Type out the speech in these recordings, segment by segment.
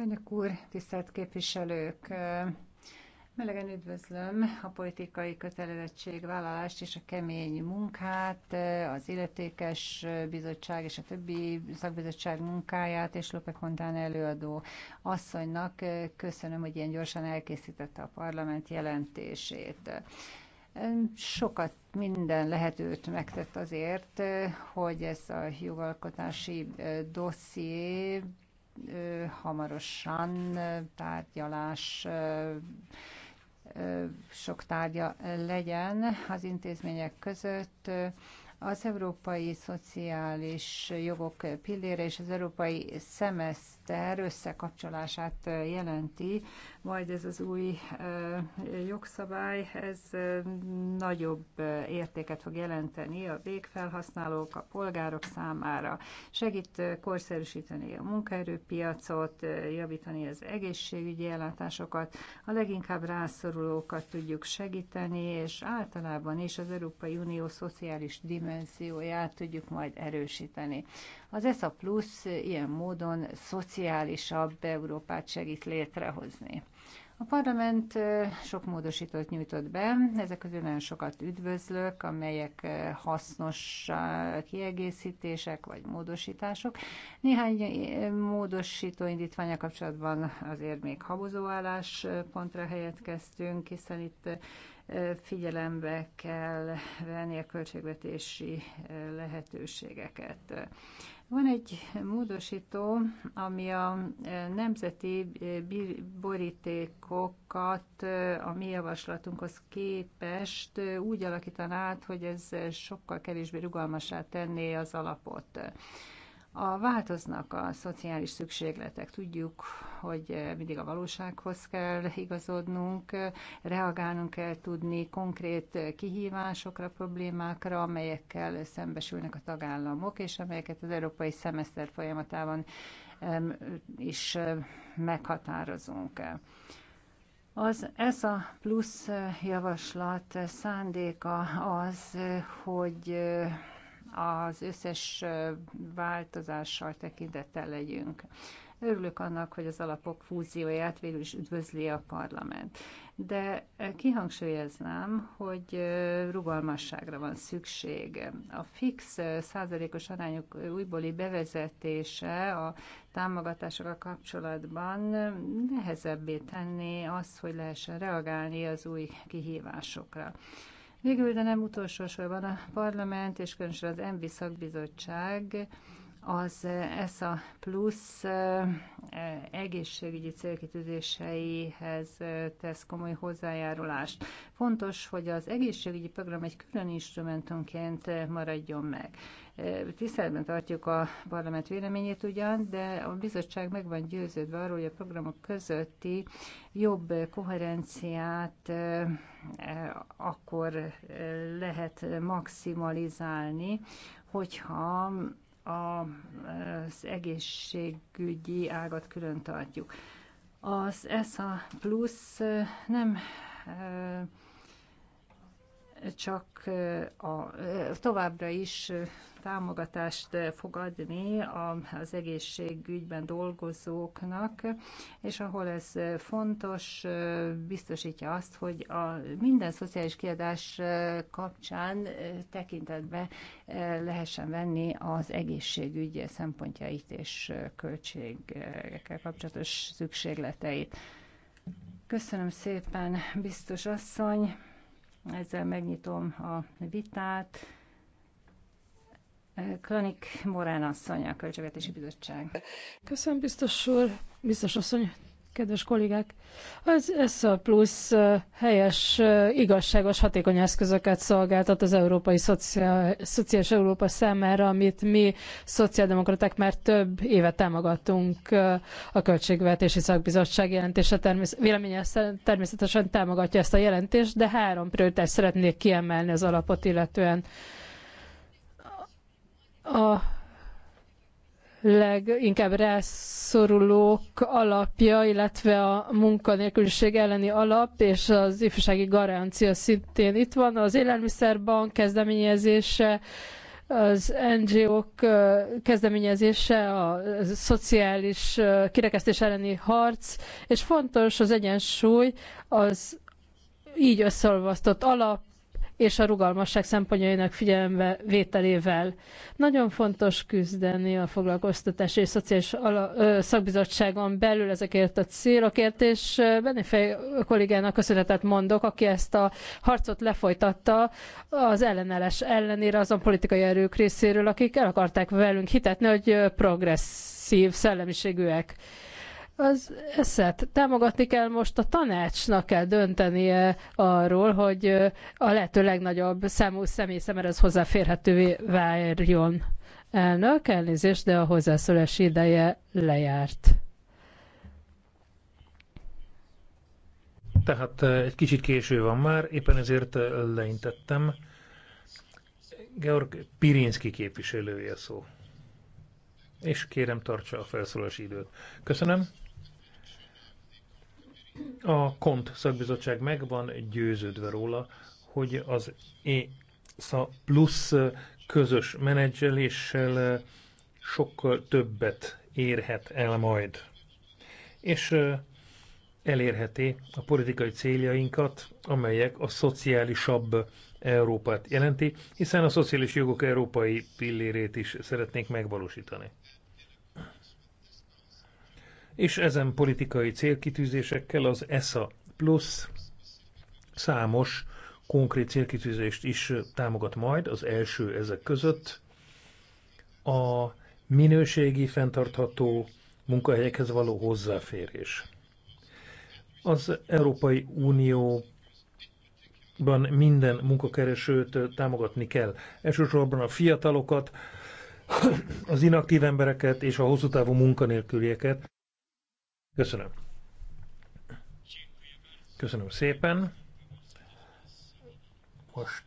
Elnök úr, tisztelt képviselők! Melegen üdvözlöm a politikai kötelezettségvállalást és a kemény munkát, az illetékes bizottság és a többi szakbizottság munkáját, és Lope Kontán előadó asszonynak köszönöm, hogy ilyen gyorsan elkészítette a parlament jelentését. Sokat minden lehetőt megtett azért, hogy ez a jogalkotási dosszié hamarosan tárgyalás sok tárgya legyen az intézmények között. Az európai szociális jogok pillére és az európai szemesz rendszer összekapcsolását jelenti, majd ez az új jogszabály, ez nagyobb értéket fog jelenteni a végfelhasználók, a polgárok számára. Segít korszerűsíteni a munkaerőpiacot, javítani az egészségügyi ellátásokat, a leginkább rászorulókat tudjuk segíteni, és általában is az Európai Unió szociális dimenzióját tudjuk majd erősíteni. Az ESA Plus ilyen módon szociálisabb Európát segít létrehozni. A parlament sok módosítót nyújtott be, ezek közül nagyon sokat üdvözlök, amelyek hasznos kiegészítések vagy módosítások. Néhány módosító indítványa kapcsolatban azért még habozóállás pontra helyetkeztünk, hiszen itt figyelembe kell venni a költségvetési lehetőségeket. Van egy módosító, ami a eh, nemzeti eh, borítékokat eh, a mi javaslatunkhoz képest úgy alakítaná át, hogy ez sokkal kevésbé rugalmasá tenné az alapot. A változnak a szociális szükségletek. Tudjuk, hogy mindig a valósághoz kell igazodnunk, reagálnunk kell tudni konkrét kihívásokra, problémákra, amelyekkel szembesülnek a tagállamok, és amelyeket az európai szemeszter folyamatában is meghatározunk. Az a plusz javaslat szándéka az, hogy az összes változással tekintettel legyünk. Örülök annak, hogy az alapok fúzióját végül is üdvözli a parlament. De kihangsúlyoznám, hogy rugalmasságra van szükség. A fix százalékos arányok újbóli bevezetése a támogatásokkal kapcsolatban nehezebbé tenni azt, hogy lehessen reagálni az új kihívásokra. Végül, de nem utolsó sorban a parlament és különösen az ENVI szakbizottság az ESA plusz egészségügyi célkitűzéseihez tesz komoly hozzájárulást. Fontos, hogy az egészségügyi program egy külön instrumentumként maradjon meg. Tiszteletben tartjuk a parlament véleményét ugyan, de a bizottság meg van győződve arról, hogy a programok közötti jobb koherenciát akkor lehet maximalizálni, hogyha az egészségügyi ágat külön tartjuk. Az ESA plusz nem csak a, továbbra is támogatást fog adni az egészségügyben dolgozóknak, és ahol ez fontos, biztosítja azt, hogy a minden szociális kiadás kapcsán tekintetbe lehessen venni az egészségügy szempontjait és költségekkel kapcsolatos szükségleteit. Köszönöm szépen, biztos asszony! Ezzel megnyitom a vitát. Klanik Morán asszony, a Költségvetési Bizottság. Köszönöm, biztos úr, biztos asszony, kedves kollégák, az ESSA plusz helyes, igazságos, hatékony eszközöket szolgáltat az Európai Szociális Európa számára, amit mi szociáldemokraták már több éve támogatunk a Költségvetési Szakbizottság jelentése. Termész, véleménye természetesen támogatja ezt a jelentést, de három prioritást szeretnék kiemelni az alapot illetően. A leginkább rászorulók alapja, illetve a munkanélküliség elleni alap és az ifjúsági garancia szintén itt van. Az élelmiszerbank kezdeményezése, az NGO-k kezdeményezése, a szociális kirekesztés elleni harc, és fontos az egyensúly az így összeolvasztott alap, és a rugalmasság szempontjainak figyelembe vételével. Nagyon fontos küzdeni a foglalkoztatás és szociális szakbizottságon belül ezekért a célokért, és Benefej kollégának köszönetet mondok, aki ezt a harcot lefolytatta az ellenállás ellenére azon politikai erők részéről, akik el akarták velünk hitetni, hogy progresszív szellemiségűek az eszet támogatni kell most a tanácsnak kell döntenie arról, hogy a lehető legnagyobb számú személy számára ez hozzáférhetővé váljon. Elnök, elnézést, de a hozzászólás ideje lejárt. Tehát egy kicsit késő van már, éppen ezért leintettem. Georg Pirinski képviselője szó. És kérem, tartsa a felszólalási időt. Köszönöm. A KONT szakbizottság meg van győződve róla, hogy az ESA plusz közös menedzseléssel sokkal többet érhet el majd. És elérheti a politikai céljainkat, amelyek a szociálisabb Európát jelenti, hiszen a szociális jogok európai pillérét is szeretnék megvalósítani és ezen politikai célkitűzésekkel az ESA plusz számos konkrét célkitűzést is támogat majd, az első ezek között a minőségi, fenntartható munkahelyekhez való hozzáférés. Az Európai Unióban minden munkakeresőt támogatni kell. Elsősorban a fiatalokat, az inaktív embereket és a hosszú távú munkanélkülieket, Köszönöm. Köszönöm szépen. Most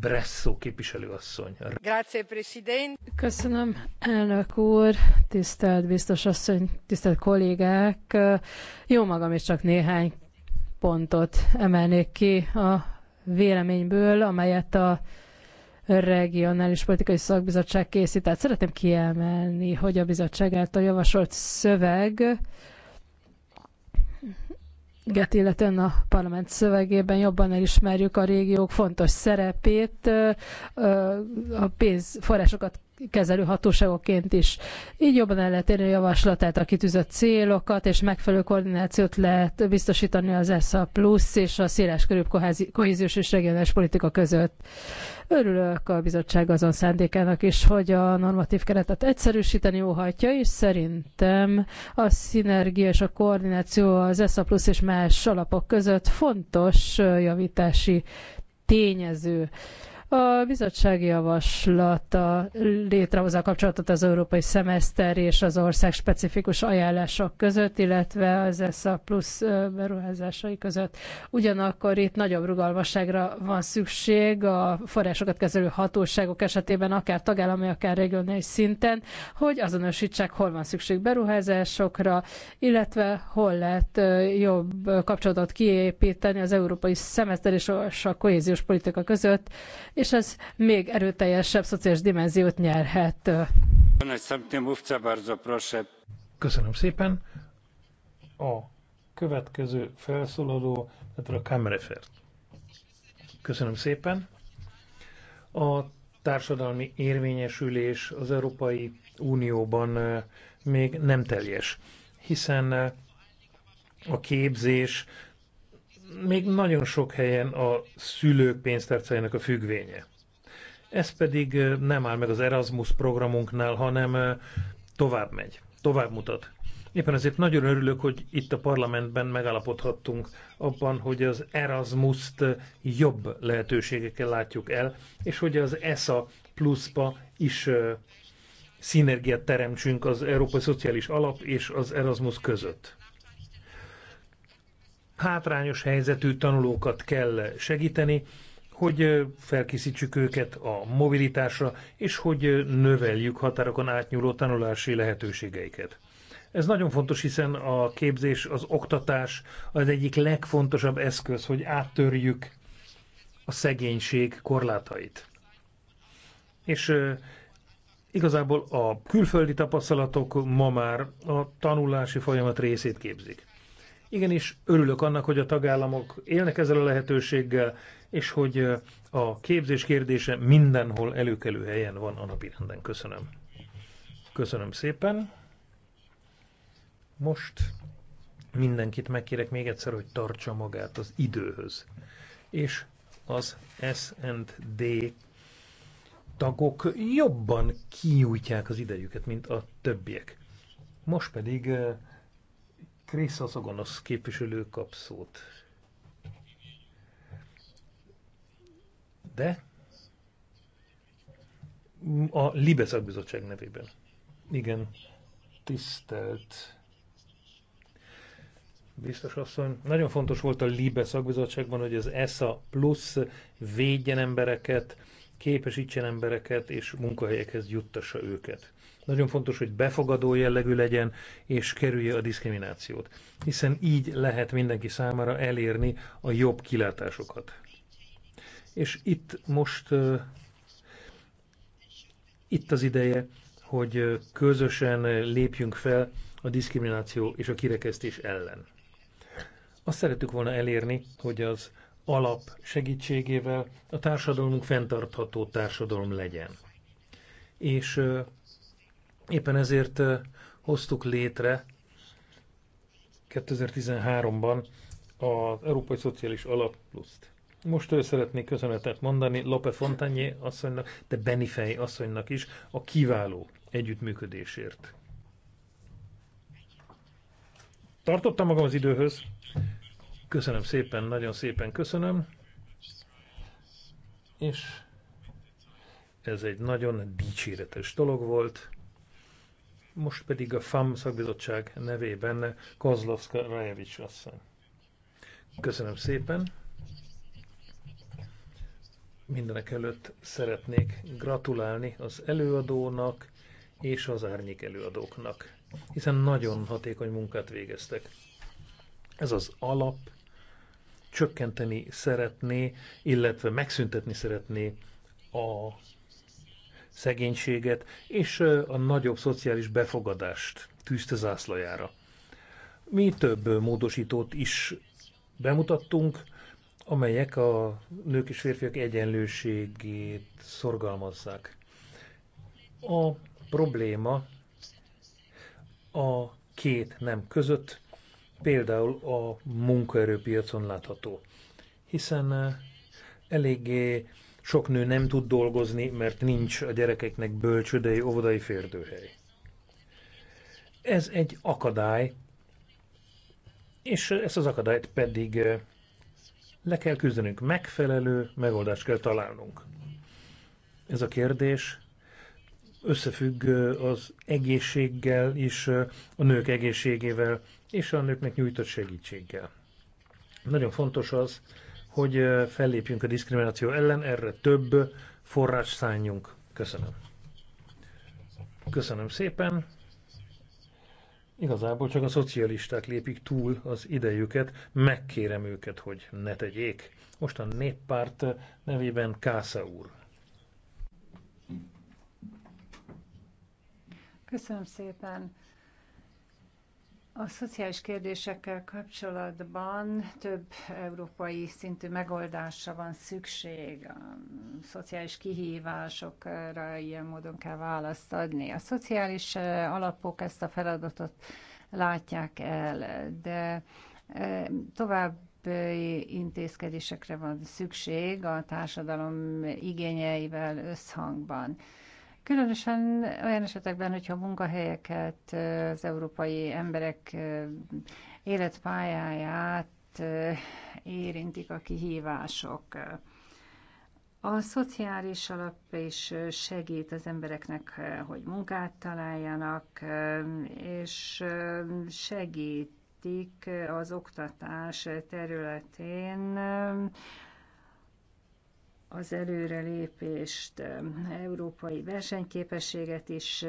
Bresso képviselőasszony. Grazie, President. Köszönöm, elnök úr, tisztelt biztos asszony, tisztelt kollégák. Jó magam is csak néhány pontot emelnék ki a véleményből, amelyet a regionális politikai szakbizottság készített. Szeretném kiemelni, hogy a bizottság által javasolt szöveg Get, illetően a parlament szövegében jobban elismerjük a régiók fontos szerepét, a pénzforrásokat kezelő hatóságoként is. Így jobban el lehet érni a javaslatát, a kitűzött célokat, és megfelelő koordinációt lehet biztosítani az ESZA plusz és a széles körül kohéziós és regionális politika között. Örülök a bizottság azon szándékának is, hogy a normatív keretet egyszerűsíteni óhatja, és szerintem a szinergia és a koordináció az ESZA plusz és más alapok között fontos javítási tényező. A bizottsági javaslata létrehozza a kapcsolatot az európai szemeszter és az ország specifikus ajánlások között, illetve az ESZA plusz beruházásai között. Ugyanakkor itt nagyobb rugalmasságra van szükség a forrásokat kezelő hatóságok esetében, akár tagállami, akár regionális szinten, hogy azonosítsák, hol van szükség beruházásokra, illetve hol lehet jobb kapcsolatot kiépíteni az európai szemeszter és a kohéziós politika között, és ez még erőteljesebb szociális dimenziót nyerhet. Köszönöm szépen. A következő felszólaló, a Kamerefert. Köszönöm szépen. A társadalmi érvényesülés az Európai Unióban még nem teljes, hiszen a képzés még nagyon sok helyen a szülők pénztárcájának a függvénye. Ez pedig nem áll meg az Erasmus programunknál, hanem tovább megy, tovább mutat. Éppen ezért nagyon örülök, hogy itt a parlamentben megállapodhattunk abban, hogy az Erasmus-t jobb lehetőségekkel látjuk el, és hogy az ESA pluszba is szinergiát teremtsünk az Európai Szociális Alap és az Erasmus között hátrányos helyzetű tanulókat kell segíteni, hogy felkészítsük őket a mobilitásra, és hogy növeljük határokon átnyúló tanulási lehetőségeiket. Ez nagyon fontos, hiszen a képzés, az oktatás az egyik legfontosabb eszköz, hogy áttörjük a szegénység korlátait. És igazából a külföldi tapasztalatok ma már a tanulási folyamat részét képzik. Igenis örülök annak, hogy a tagállamok élnek ezzel a lehetőséggel, és hogy a képzés kérdése mindenhol előkelő helyen van a napirenden. Köszönöm. Köszönöm szépen. Most mindenkit megkérek még egyszer, hogy tartsa magát az időhöz. És az S&D tagok jobban kiújtják az idejüket, mint a többiek. Most pedig gonosz képviselő kap szót. De a Libe Bizottság nevében. Igen, tisztelt biztos asszony. Nagyon fontos volt a Libe szakbizottságban, hogy az ESA plusz védjen embereket, képesítsen embereket és munkahelyekhez juttassa őket. Nagyon fontos, hogy befogadó jellegű legyen, és kerülje a diszkriminációt, hiszen így lehet mindenki számára elérni a jobb kilátásokat. És itt most uh, itt az ideje, hogy közösen lépjünk fel a diszkrimináció és a kirekesztés ellen. Azt szerettük volna elérni, hogy az alap segítségével a társadalmunk fenntartható társadalom legyen. És Éppen ezért hoztuk létre 2013-ban az Európai Szociális Alap Pluszt. Most ő szeretnék köszönetet mondani Lope Fontanyé asszonynak, de Benifei asszonynak is a kiváló együttműködésért. Tartottam magam az időhöz. Köszönöm szépen, nagyon szépen köszönöm. És ez egy nagyon dicséretes dolog volt. Most pedig a FAM szakbizottság nevében Kozlovska Rajevics asszony. Köszönöm szépen. Mindenek előtt szeretnék gratulálni az előadónak és az árnyék előadóknak, hiszen nagyon hatékony munkát végeztek. Ez az alap, csökkenteni szeretné, illetve megszüntetni szeretné a szegénységet és a nagyobb szociális befogadást tűzte zászlajára. Mi több módosítót is bemutattunk, amelyek a nők és férfiak egyenlőségét szorgalmazzák. A probléma a két nem között, például a munkaerőpiacon látható, hiszen eléggé sok nő nem tud dolgozni, mert nincs a gyerekeknek bölcsödei, óvodai férdőhely. Ez egy akadály, és ezt az akadályt pedig eh, le kell küzdenünk, megfelelő megoldást kell találnunk. Ez a kérdés összefügg eh, az egészséggel is, eh, a nők egészségével és a nőknek nyújtott segítséggel. Nagyon fontos az, hogy fellépjünk a diszkrimináció ellen, erre több forrás szálljunk. Köszönöm. Köszönöm szépen. Igazából csak a szocialisták lépik túl az idejüket, megkérem őket, hogy ne tegyék. Most a néppárt nevében Kásza úr. Köszönöm szépen. A szociális kérdésekkel kapcsolatban több európai szintű megoldásra van szükség. A szociális kihívásokra ilyen módon kell választ adni. A szociális alapok ezt a feladatot látják el, de tovább intézkedésekre van szükség a társadalom igényeivel összhangban. Különösen olyan esetekben, hogyha munkahelyeket, az európai emberek életpályáját érintik a kihívások. A szociális alap is segít az embereknek, hogy munkát találjanak, és segítik az oktatás területén az előrelépést, európai versenyképességet is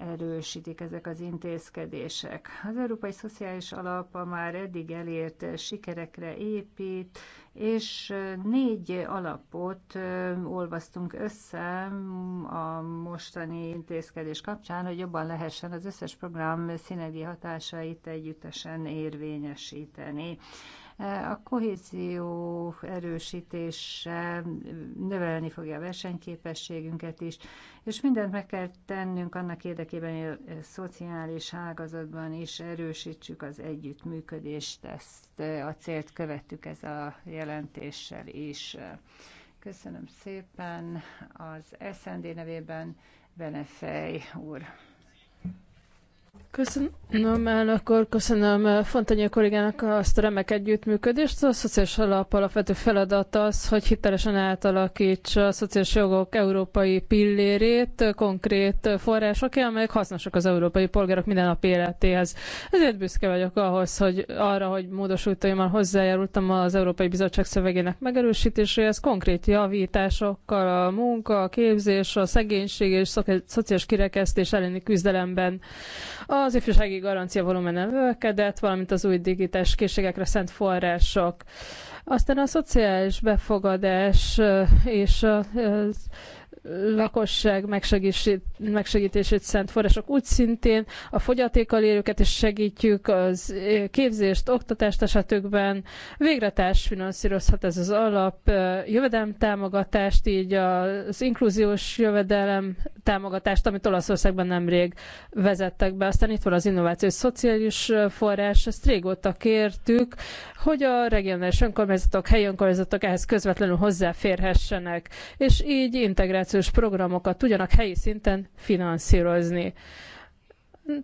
erősítik ezek az intézkedések. Az Európai Szociális Alap a már eddig elért sikerekre épít, és négy alapot olvasztunk össze a mostani intézkedés kapcsán, hogy jobban lehessen az összes program színegi hatásait együttesen érvényesíteni. A kohézió erősítése növelni fogja a versenyképességünket is, és mindent meg kell tennünk annak érdekében, hogy a szociális ágazatban is erősítsük az együttműködést, ezt ezt a célt követtük ez a jelentéssel is. Köszönöm szépen az SND nevében Benefej úr. Köszönöm elnök úr, köszönöm eh, Fontanyi kollégának azt a remek együttműködést. A szociális alap alapvető feladat az, hogy hitelesen átalakítsa a szociális jogok európai pillérét eh, konkrét források, amelyek hasznosak az európai polgárok mindennapi életéhez. Ezért büszke vagyok ahhoz, hogy arra, hogy módosítóimmal hozzájárultam az Európai Bizottság szövegének megerősítéséhez, konkrét javításokkal a munka, a képzés, a szegénység és szociális kirekesztés elleni küzdelemben. A az ifjúsági garancia volumen növekedett, valamint az új digitális készségekre szent források. Aztán a szociális befogadás és az lakosság megsegítését szent források. Úgy szintén a fogyatékkal élőket is segítjük, az eh, képzést, oktatást esetükben. Végre társfinanszírozhat ez az alap eh, jövedelemtámogatást, így az inkluziós jövedelem támogatást, amit Olaszországban nemrég vezettek be. Aztán itt van az innovációs szociális eh, forrás, ezt régóta kértük, hogy a regionális önkormányzatok, helyi önkormányzatok ehhez közvetlenül hozzáférhessenek, és így integráció innovációs programokat tudjanak helyi szinten finanszírozni.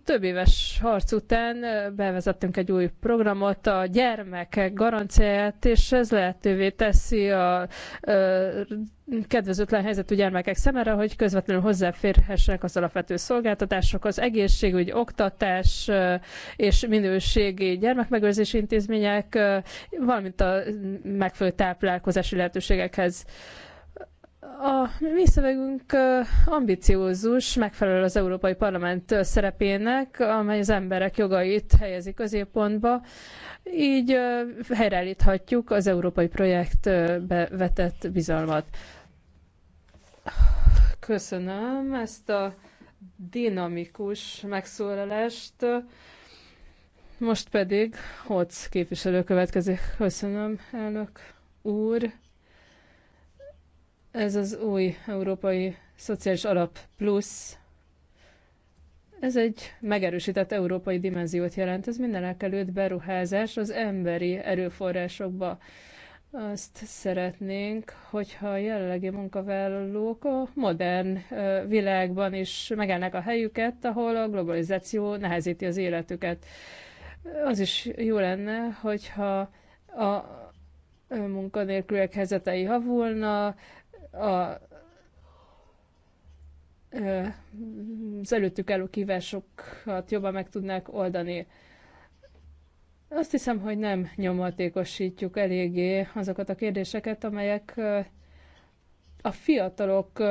Több éves harc után bevezettünk egy új programot, a gyermekek garanciáját, és ez lehetővé teszi a kedvezőtlen helyzetű gyermekek szemére, hogy közvetlenül hozzáférhessenek az alapvető szolgáltatások, az egészségügy, oktatás és minőségi gyermekmegőrzési intézmények, valamint a megfelelő táplálkozási lehetőségekhez. A mi szövegünk ambiciózus, megfelel az Európai Parlament szerepének, amely az emberek jogait helyezi középpontba, így helyreállíthatjuk az európai projektbe vetett bizalmat. Köszönöm ezt a dinamikus megszólalást. Most pedig Hoc képviselő következik. Köszönöm, elnök úr. Ez az új Európai Szociális Alap Plusz. Ez egy megerősített európai dimenziót jelent. Ez mindenek előtt beruházás az emberi erőforrásokba. Azt szeretnénk, hogyha a jelenlegi munkavállalók a modern világban is megállnak a helyüket, ahol a globalizáció nehezíti az életüket. Az is jó lenne, hogyha a munkanélküliek helyzetei javulna, a, az előttük álló kívásokat jobban meg tudnák oldani. Azt hiszem, hogy nem nyomatékosítjuk eléggé azokat a kérdéseket, amelyek a fiatalok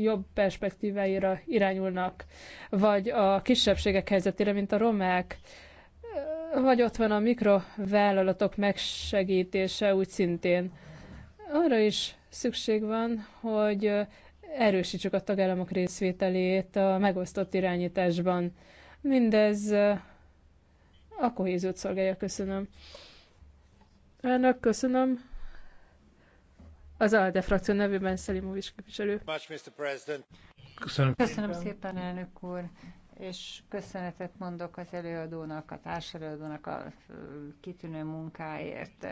jobb perspektíváira irányulnak, vagy a kisebbségek helyzetére, mint a romák, vagy ott van a mikrovállalatok megsegítése úgy szintén. Arra is szükség van, hogy erősítsük a tagállamok részvételét a megosztott irányításban. Mindez a kohéziót szolgálja. Köszönöm. Elnök, köszönöm. Az ALDE frakció nevében Szelimovics képviselő. Köszönöm. Köszönöm szépen, elnök úr és köszönetet mondok az előadónak, a társelőadónak a kitűnő munkáért.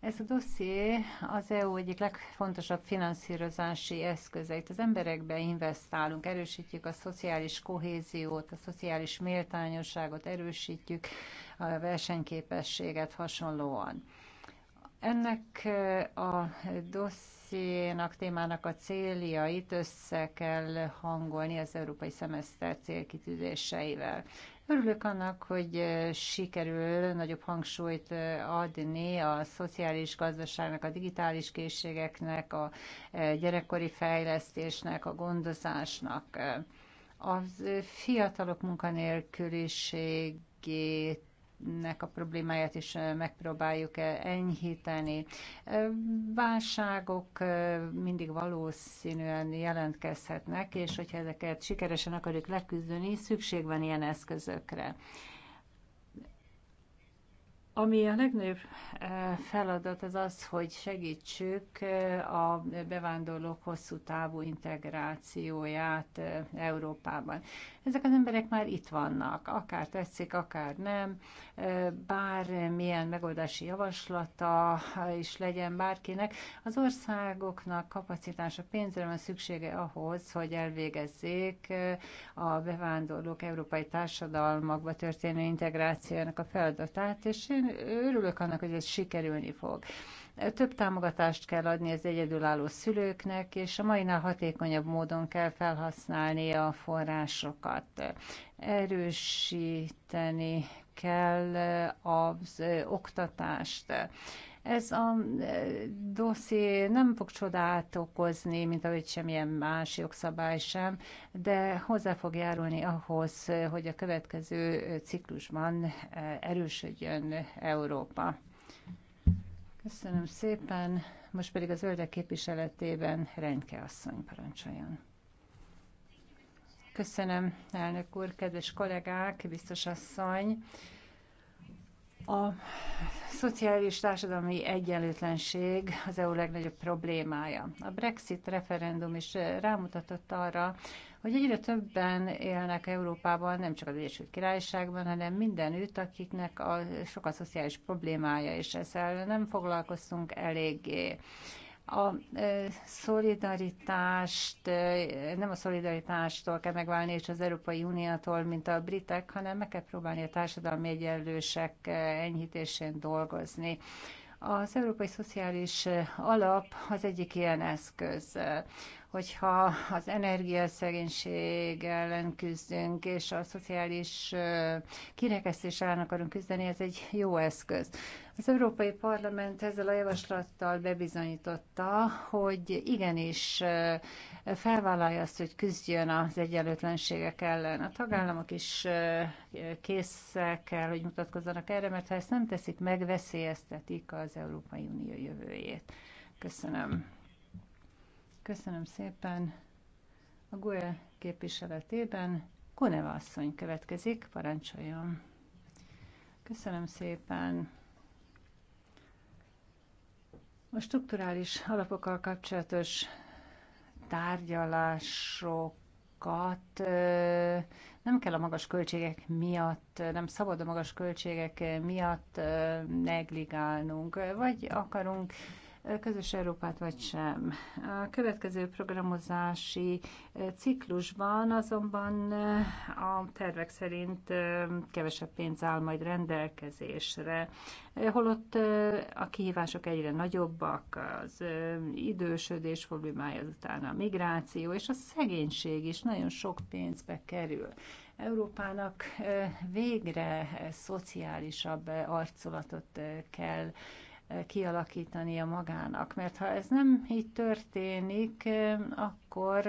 Ez a dosszié az EU egyik legfontosabb finanszírozási eszköze. Itt az emberekbe investálunk, erősítjük a szociális kohéziót, a szociális méltányosságot, erősítjük a versenyképességet hasonlóan. Ennek eh, a dossziénak, témának a itt össze kell hangolni az európai szemeszter célkitűzéseivel. Örülök annak, hogy eh, sikerül nagyobb hangsúlyt eh, adni a szociális gazdaságnak, a digitális készségeknek, a eh, gyerekkori fejlesztésnek, a gondozásnak. Az fiatalok munkanélküliségét nek a problémáját is megpróbáljuk enyhíteni. Válságok mindig valószínűen jelentkezhetnek, és hogyha ezeket sikeresen akarjuk leküzdeni, szükség van ilyen eszközökre. Ami a legnagyobb feladat az az, hogy segítsük a bevándorlók hosszú távú integrációját Európában. Ezek az emberek már itt vannak, akár tetszik, akár nem, bármilyen megoldási javaslata is legyen bárkinek. Az országoknak kapacitása, pénzre van szüksége ahhoz, hogy elvégezzék a bevándorlók európai társadalmakba történő integrációjának a feladatát, és én örülök annak, hogy ez sikerülni fog. Több támogatást kell adni az egyedülálló szülőknek, és a mainál hatékonyabb módon kell felhasználni a forrásokat. Erősíteni kell az oktatást. Ez a dosszié nem fog csodát okozni, mint ahogy semmilyen más jogszabály sem, de hozzá fog járulni ahhoz, hogy a következő ciklusban erősödjön Európa. Köszönöm szépen. Most pedig az zöldek képviseletében Renke asszony parancsoljon. Köszönöm, elnök úr, kedves kollégák, biztos asszony. A szociális társadalmi egyenlőtlenség az EU legnagyobb problémája. A Brexit referendum is rámutatott arra, hogy egyre többen élnek Európában, nem csak az Egyesült Királyságban, hanem mindenütt, akiknek a sok a szociális problémája, és ezzel nem foglalkoztunk eléggé a szolidaritást, nem a szolidaritástól kell megválni, és az Európai Uniótól, mint a britek, hanem meg kell próbálni a társadalmi egyenlősek enyhítésén dolgozni. Az Európai Szociális Alap az egyik ilyen eszköz hogyha az energiaszegénység ellen küzdünk, és a szociális kirekesztés ellen akarunk küzdeni, ez egy jó eszköz. Az Európai Parlament ezzel a javaslattal bebizonyította, hogy igenis felvállalja azt, hogy küzdjön az egyenlőtlenségek ellen. A tagállamok is készek kell, hogy mutatkozzanak erre, mert ha ezt nem teszik, megveszélyeztetik az Európai Unió jövőjét. Köszönöm. Köszönöm szépen. A GUE képviseletében Koneva asszony következik, parancsoljon. Köszönöm szépen. A strukturális alapokkal kapcsolatos tárgyalásokat nem kell a magas költségek miatt, nem szabad a magas költségek miatt negligálnunk, vagy akarunk közös Európát vagy sem. A következő programozási eh, ciklusban azonban eh, a tervek szerint eh, kevesebb pénz áll majd rendelkezésre, holott a kihívások egyre nagyobbak, az idősödés problémája, azután a migráció és a szegénység is nagyon sok pénzbe kerül. Európának végre szociálisabb arculatot kell kialakítania magának. Mert ha ez nem így történik, akkor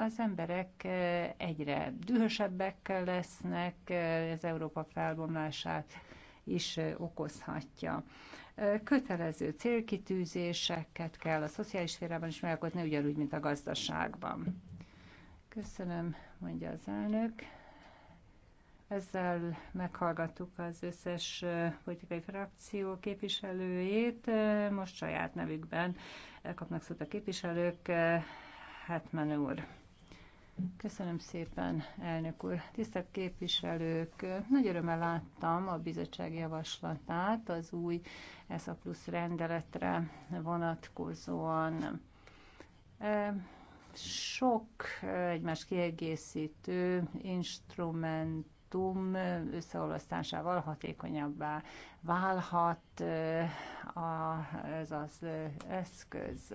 az emberek egyre dühösebbek lesznek, ez Európa felbomlását is okozhatja. Kötelező célkitűzéseket kell a szociális szférában is megalkotni, ugyanúgy, mint a gazdaságban. Köszönöm, mondja az elnök. Ezzel meghallgattuk az összes politikai frakció képviselőjét. Most saját nevükben kapnak szót a képviselők. Hetman úr. Köszönöm szépen, elnök úr. Tisztelt képviselők, nagy örömmel láttam a bizottság javaslatát az új ESA plusz rendeletre vonatkozóan. Sok egymás kiegészítő instrument dátum összeolvasztásával hatékonyabbá válhat eh, az az eh, eszköz.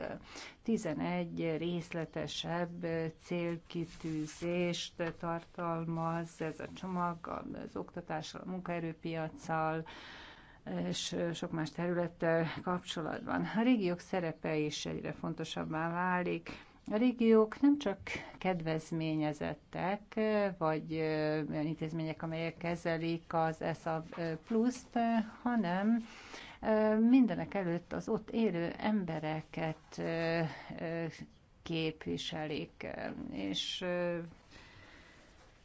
11 részletesebb célkitűzést tartalmaz ez a csomag az oktatással, a munkaerőpiacsal, és sok más területtel kapcsolatban. A régiók szerepe is egyre fontosabbá válik a régiók nem csak kedvezményezettek, vagy olyan intézmények, amelyek kezelik az ESA pluszt, hanem mindenek előtt az ott élő embereket képviselik, és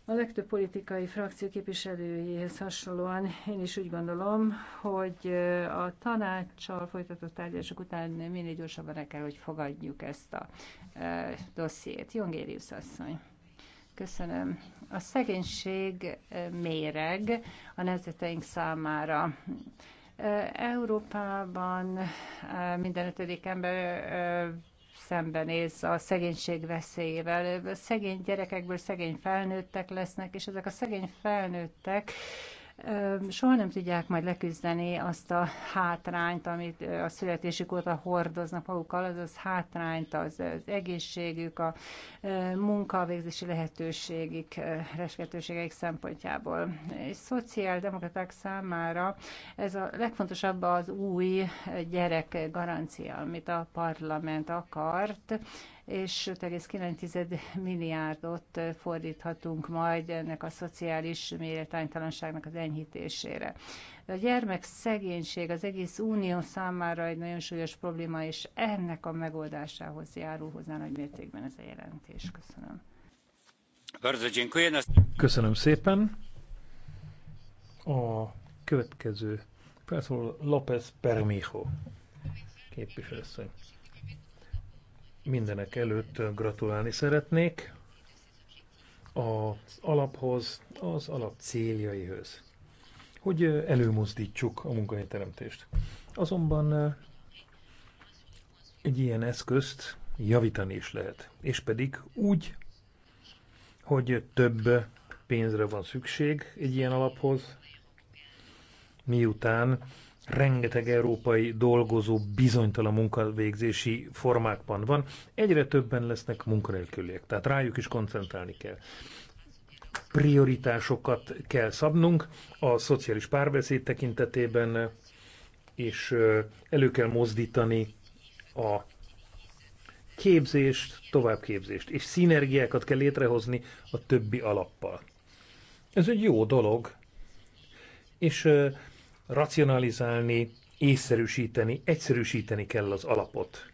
a legtöbb politikai frakció képviselőjéhez hasonlóan én is úgy gondolom, hogy a tanácssal folytatott tárgyalások után minél gyorsabban el kell, hogy fogadjuk ezt a e, dossziét. Jongérius asszony. Köszönöm. A szegénység méreg a nemzeteink számára. Európában minden ötödik ember szembenéz a szegénység veszélyével. Szegény gyerekekből szegény felnőttek lesznek, és ezek a szegény felnőttek soha nem tudják majd leküzdeni azt a hátrányt, amit a születésük óta hordoznak magukkal, az hátrányt az, az egészségük, a munkavégzési lehetőségük, reskedőségeik szempontjából. És szociáldemokraták számára ez a legfontosabb az új gyerek garancia, amit a parlament akart, és 5,9 milliárdot fordíthatunk majd ennek a szociális méretánytalanságnak az enyhítésére. A gyermek szegénység az egész unió számára egy nagyon súlyos probléma, és ennek a megoldásához járul hozzá nagy mértékben ez a jelentés. Köszönöm. Köszönöm szépen. A következő felszól López Permijo képviselőszony. Mindenek előtt gratulálni szeretnék az alaphoz, az alap céljaihoz, hogy előmozdítsuk a munkahelyteremtést. Azonban egy ilyen eszközt javítani is lehet, és pedig úgy, hogy több pénzre van szükség egy ilyen alaphoz, miután rengeteg európai dolgozó bizonytalan munkavégzési formákban van, egyre többen lesznek munkanélküliek, tehát rájuk is koncentrálni kell. Prioritásokat kell szabnunk a szociális párbeszéd tekintetében, és elő kell mozdítani a képzést, továbbképzést, és szinergiákat kell létrehozni a többi alappal. Ez egy jó dolog, és racionalizálni, észszerűsíteni, egyszerűsíteni kell az alapot.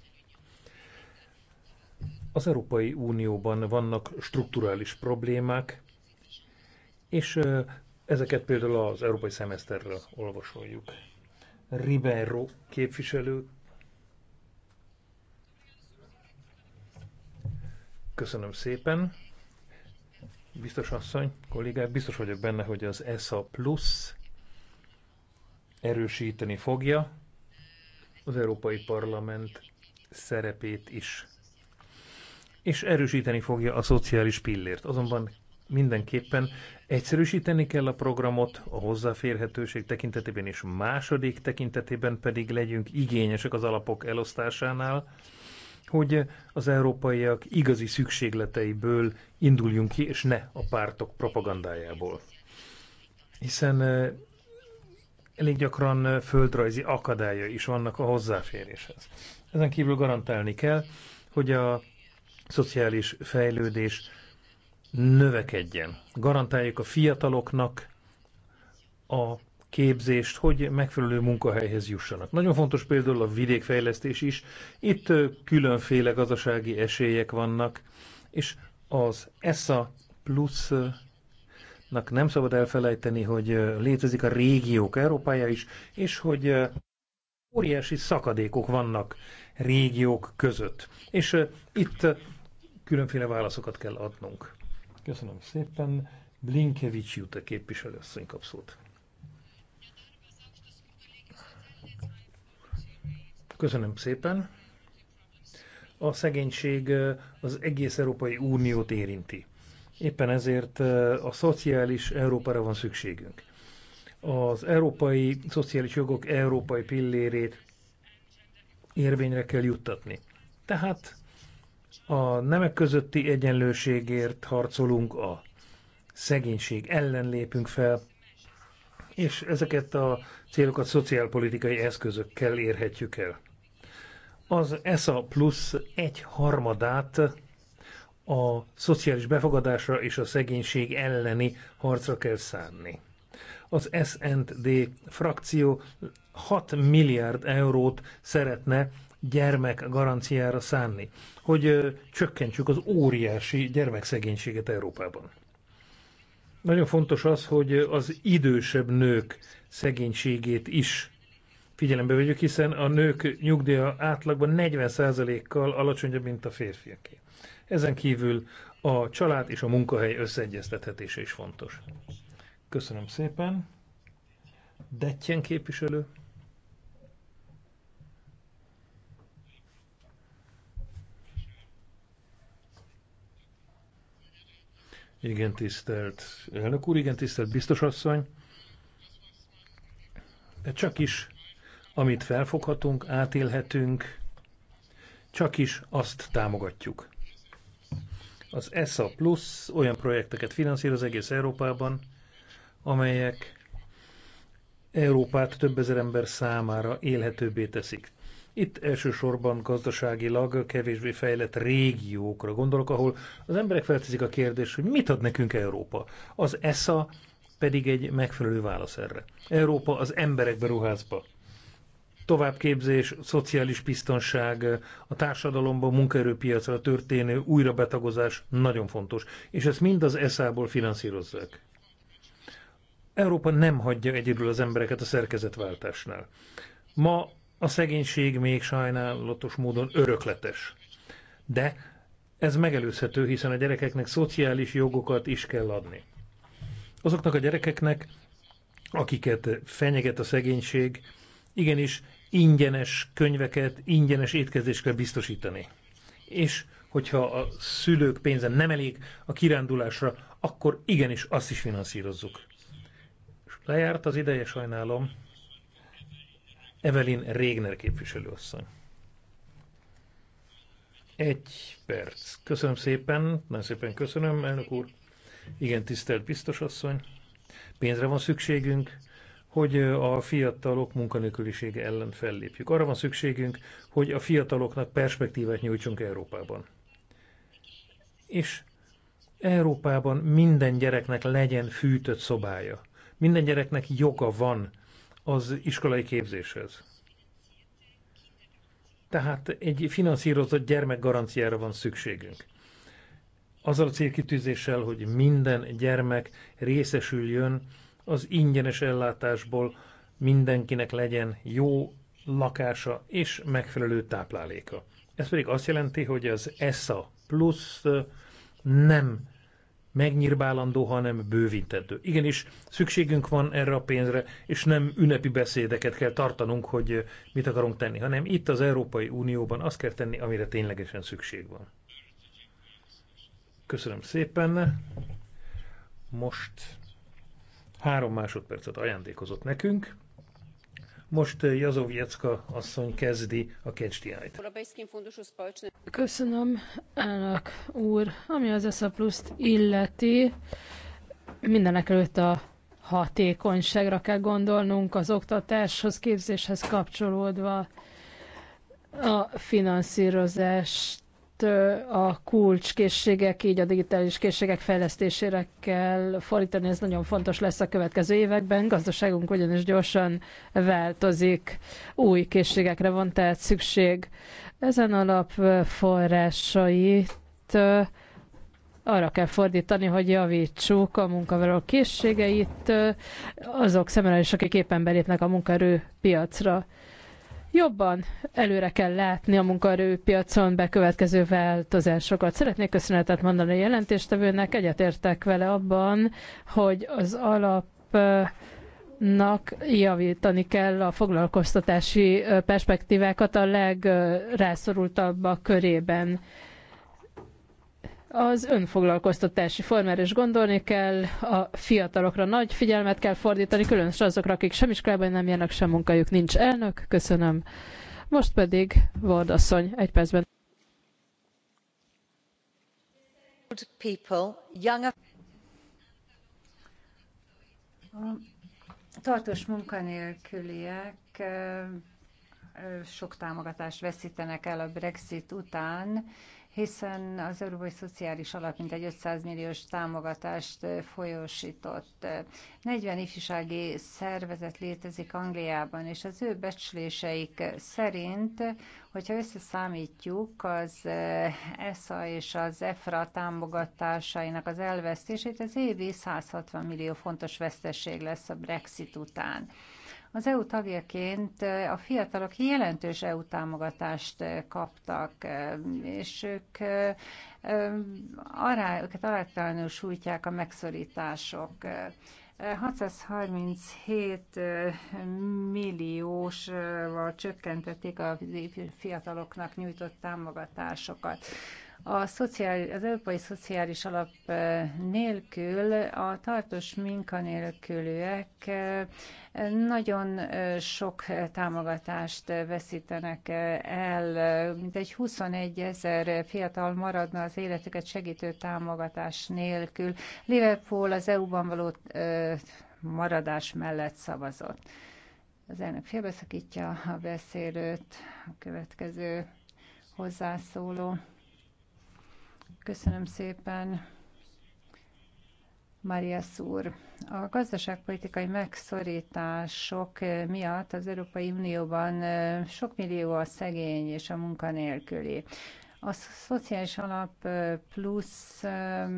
Az Európai Unióban vannak strukturális problémák, és ezeket például az Európai Szemeszterről olvasoljuk. Ribeiro képviselő. Köszönöm szépen. Biztos asszony, kollégák, biztos vagyok benne, hogy az ESA Plus erősíteni fogja az Európai Parlament szerepét is. És erősíteni fogja a szociális pillért. Azonban mindenképpen egyszerűsíteni kell a programot a hozzáférhetőség tekintetében, és második tekintetében pedig legyünk igényesek az alapok elosztásánál, hogy az európaiak igazi szükségleteiből induljunk ki, és ne a pártok propagandájából. Hiszen eh, elég gyakran földrajzi akadálya is vannak a hozzáféréshez. Ezen kívül garantálni kell, hogy a szociális fejlődés növekedjen. Garantáljuk a fiataloknak a képzést, hogy megfelelő munkahelyhez jussanak. Nagyon fontos például a vidékfejlesztés is. Itt különféle gazdasági esélyek vannak, és az ESSA plusz Nak nem szabad elfelejteni, hogy létezik a régiók Európája is, és hogy óriási szakadékok vannak régiók között. És itt különféle válaszokat kell adnunk. Köszönöm szépen. Blinkevics jut a képviselőasszony kap szót. Köszönöm szépen. A szegénység az egész Európai Uniót érinti. Éppen ezért a szociális Európára van szükségünk. Az európai szociális jogok európai pillérét érvényre kell juttatni. Tehát a nemek közötti egyenlőségért harcolunk, a szegénység ellen lépünk fel, és ezeket a célokat szociálpolitikai eszközökkel érhetjük el. Az ESA plusz egy harmadát a szociális befogadásra és a szegénység elleni harcra kell szánni. Az SND frakció 6 milliárd eurót szeretne gyermek garanciára szánni, hogy csökkentsük az óriási gyermekszegénységet Európában. Nagyon fontos az, hogy az idősebb nők szegénységét is figyelembe vegyük, hiszen a nők nyugdíja átlagban 40%-kal alacsonyabb, mint a férfiaké. Ezen kívül a család és a munkahely összeegyeztethetése is fontos. Köszönöm szépen. Detjen képviselő. Igen, tisztelt elnök úr, igen, tisztelt asszony. De csak is, amit felfoghatunk, átélhetünk, csak is azt támogatjuk. Az ESA Plus olyan projekteket finanszíroz egész Európában, amelyek Európát több ezer ember számára élhetőbbé teszik. Itt elsősorban gazdaságilag kevésbé fejlett régiókra gondolok, ahol az emberek felteszik a kérdést, hogy mit ad nekünk Európa. Az ESA pedig egy megfelelő válasz erre. Európa az emberek beruházba továbbképzés, szociális biztonság, a társadalomban, munkaerőpiacra történő újrabetagozás nagyon fontos, és ezt mind az ESZA-ból finanszírozzák. Európa nem hagyja egyedül az embereket a szerkezetváltásnál. Ma a szegénység még sajnálatos módon örökletes. De ez megelőzhető, hiszen a gyerekeknek szociális jogokat is kell adni. Azoknak a gyerekeknek, akiket fenyeget a szegénység, igenis ingyenes könyveket, ingyenes étkezést kell biztosítani. És hogyha a szülők pénze nem elég a kirándulásra, akkor igenis azt is finanszírozzuk. Lejárt az ideje, sajnálom. Evelyn Régner képviselőasszony. Egy perc. Köszönöm szépen, nagyon szépen köszönöm, elnök úr. Igen, tisztelt biztos asszony. Pénzre van szükségünk, hogy a fiatalok munkanélkülisége ellen fellépjük. Arra van szükségünk, hogy a fiataloknak perspektívát nyújtsunk Európában. És Európában minden gyereknek legyen fűtött szobája. Minden gyereknek joga van az iskolai képzéshez. Tehát egy finanszírozott gyermekgaranciára van szükségünk. Azzal a célkitűzéssel, hogy minden gyermek részesüljön az ingyenes ellátásból mindenkinek legyen jó lakása és megfelelő tápláléka. Ez pedig azt jelenti, hogy az ESSA plusz nem megnyírbálandó, hanem bővítendő. Igenis, szükségünk van erre a pénzre, és nem ünnepi beszédeket kell tartanunk, hogy mit akarunk tenni, hanem itt az Európai Unióban azt kell tenni, amire ténylegesen szükség van. Köszönöm szépen. Most Három másodpercet ajándékozott nekünk. Most eh, Jecka asszony kezdi a kecstiájt. Köszönöm, elnök úr. Ami az ESZA pluszt illeti, mindenek előtt a hatékonyságra kell gondolnunk az oktatáshoz, képzéshez kapcsolódva a finanszírozást a kulcskészségek, így a digitális készségek fejlesztésére kell fordítani, ez nagyon fontos lesz a következő években. Gazdaságunk ugyanis gyorsan változik, új készségekre van tehát szükség. Ezen alap forrásait arra kell fordítani, hogy javítsuk a munkavaró készségeit azok szemre is, akik éppen belépnek a munkaerő piacra. Jobban előre kell látni a munkaerőpiacon bekövetkező változásokat. Szeretnék köszönetet mondani a jelentéstevőnek, egyetértek vele abban, hogy az alap nak javítani kell a foglalkoztatási perspektívákat a legrászorultabbak körében. Az önfoglalkoztatási formára is gondolni kell, a fiatalokra nagy figyelmet kell fordítani, különösen azokra, akik sem iskolában nem járnak, sem munkájuk nincs. Elnök, köszönöm. Most pedig Vard egy percben. A tartós munkanélküliek sok támogatást veszítenek el a Brexit után, hiszen az Európai Szociális Alap mintegy 500 milliós támogatást folyósított. 40 ifjúsági szervezet létezik Angliában, és az ő becsléseik szerint, hogyha összeszámítjuk az ESA és az EFRA támogatásainak az elvesztését, az évi 160 millió fontos veszteség lesz a Brexit után. Az EU tagjaként a fiatalok jelentős EU támogatást kaptak, és ők ará, őket aránytalanul sújtják a megszorítások. 637 milliósval csökkentették a fiataloknak nyújtott támogatásokat. A szociális, az Európai Szociális Alap nélkül a tartós minkanélkülőek nagyon sok támogatást veszítenek el. Mintegy 21 ezer fiatal maradna az életüket segítő támogatás nélkül. Liverpool az EU-ban való maradás mellett szavazott. Az elnök félbeszakítja a beszélőt, a következő hozzászóló. Köszönöm szépen. Maria úr, a gazdaságpolitikai megszorítások miatt az Európai Unióban sok millió a szegény és a munkanélküli. A szociális alap plusz